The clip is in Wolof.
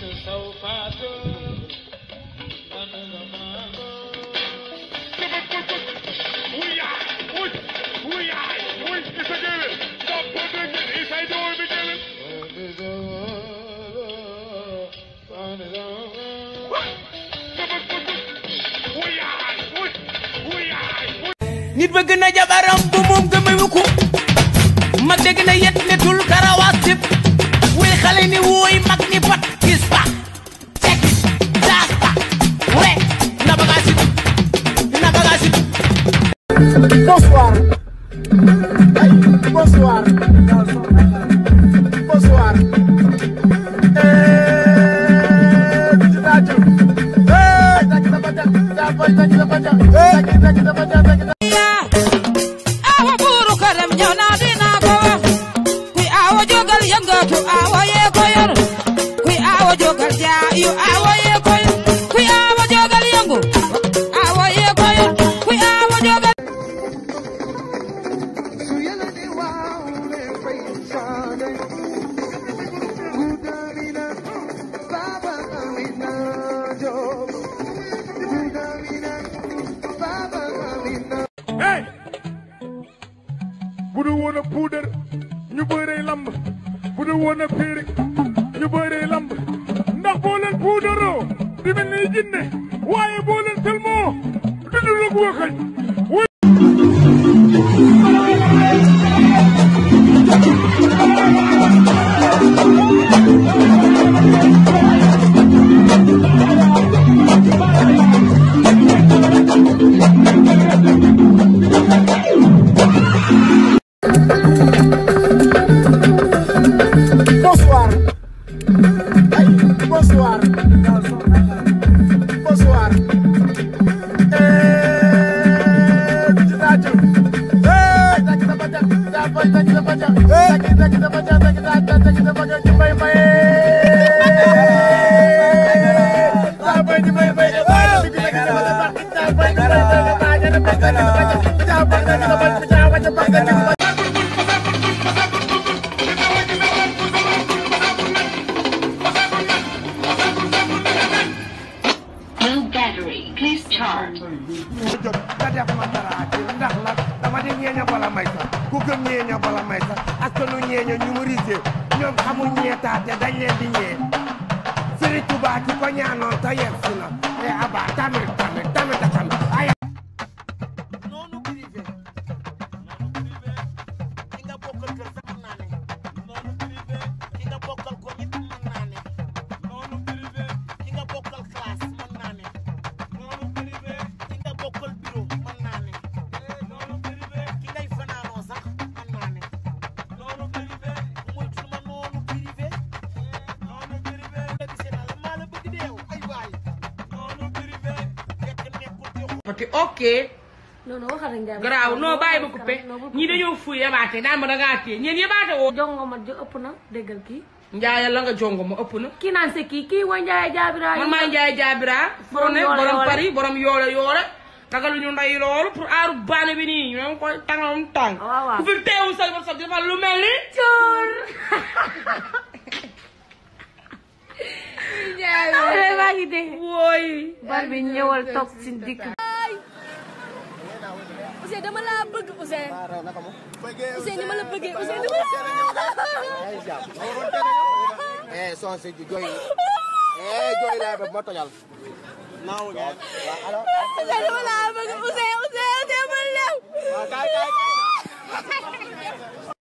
nit bëgg na jabaram bu moom gëmewu ko mag dégg na yet ne tul karawaas tip wuy xale ni wuy Bonsoir. Hey, bonsoir. Bonsoir. Hey, Junajo. Hey, kita baca, kita baca, kita baca. Hey, kita kita baca, kita bëree lamb bu dee woon ak féeri ñu bëree lamb ndax boo leen puudaroo di mel ni jinne waaye boo leen sëlmoo du dul ak waxañ Hey! ma jóg nga def ma a ndax la dama di ñeeña bala may sax ku gëm ñeeña bala may sax askanu ñeeña ñu mu risé ñoom xamul ñeetaate dañ leen di ñee Sëriñ Tuubaa ki ko ñaanoon te na coupé ok. non non waxal nañu jaay garaaw non bàyyi ba fuy yabaate daan ma da ngaa téye ñeen yabaate woo. jongo ma ëpp na déggal kii. Njaaya la nga jongo ma ëpp na. kii naan se kii kii mooy Njaaya Jaabira. man maa Njaaya yoole yoole daga lu ñu ndey loolu pour aaru baane bi nii ñoo ngi koy tàngoom tàng. Ah, ku fi teewul sa sa dafa lu mel ni. cuul. Njaay maa ngi dee. wooyi. bar si dikk. Ouzin dama laa bëgg Ouzin. Ouzin ni ma la bëggee Ouzin ni ma la. eh soo si jooy eh jooy laa bëgg ma tojal. waaw alors. Ouzin dama laa bëgg Ouzin Ouzin Ouzin ma lew. Ah,